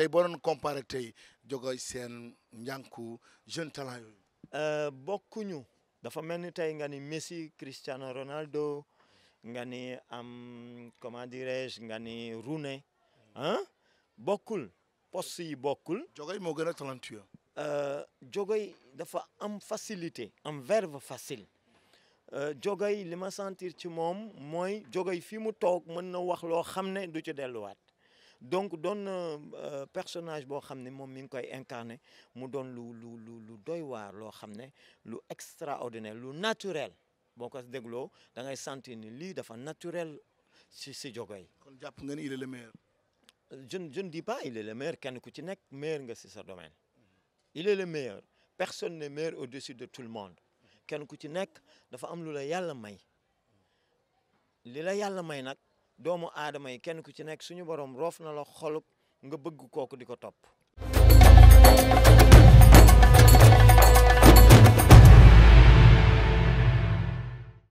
tey boo doon comparé tey Diogoye Sène Ndiankou jeune talent euh bokkuñu dafa melni tay ngani Messi Cristiano Ronaldo ngani am comment dirais-je nga ni Rooney ah hein? poste yi bokul jogoy mo gëna talentueux euh jogoy dafa am facilité am verve facile Diogoye euh, li ma sentir ci mom moy Diogoye fi mu tok mën na wax lo xam du ci delluwaat donc donne euh, personnage bo xamné mom moom mi ngi koy incarné mu donne lu lu lu lu doy waar loo xam lu extraordinaire lu naturel bon, ko dégloo da ngay sentir ni li dafa naturel ci si jogay kon japp nga ni il est le meilleur. je ne je ne dis pas il est le meilleur kan ku ci nek meilleur nga ci sa domaine. il est le meilleur personne n'est meilleur au-dessus de tout le monde kenn ku ci nek dafa am lu la yàlla may li la may nak doomu aadama yi kenn ku ci nekk suñu borom roof na la xolub nga bëgg kooku di ko topp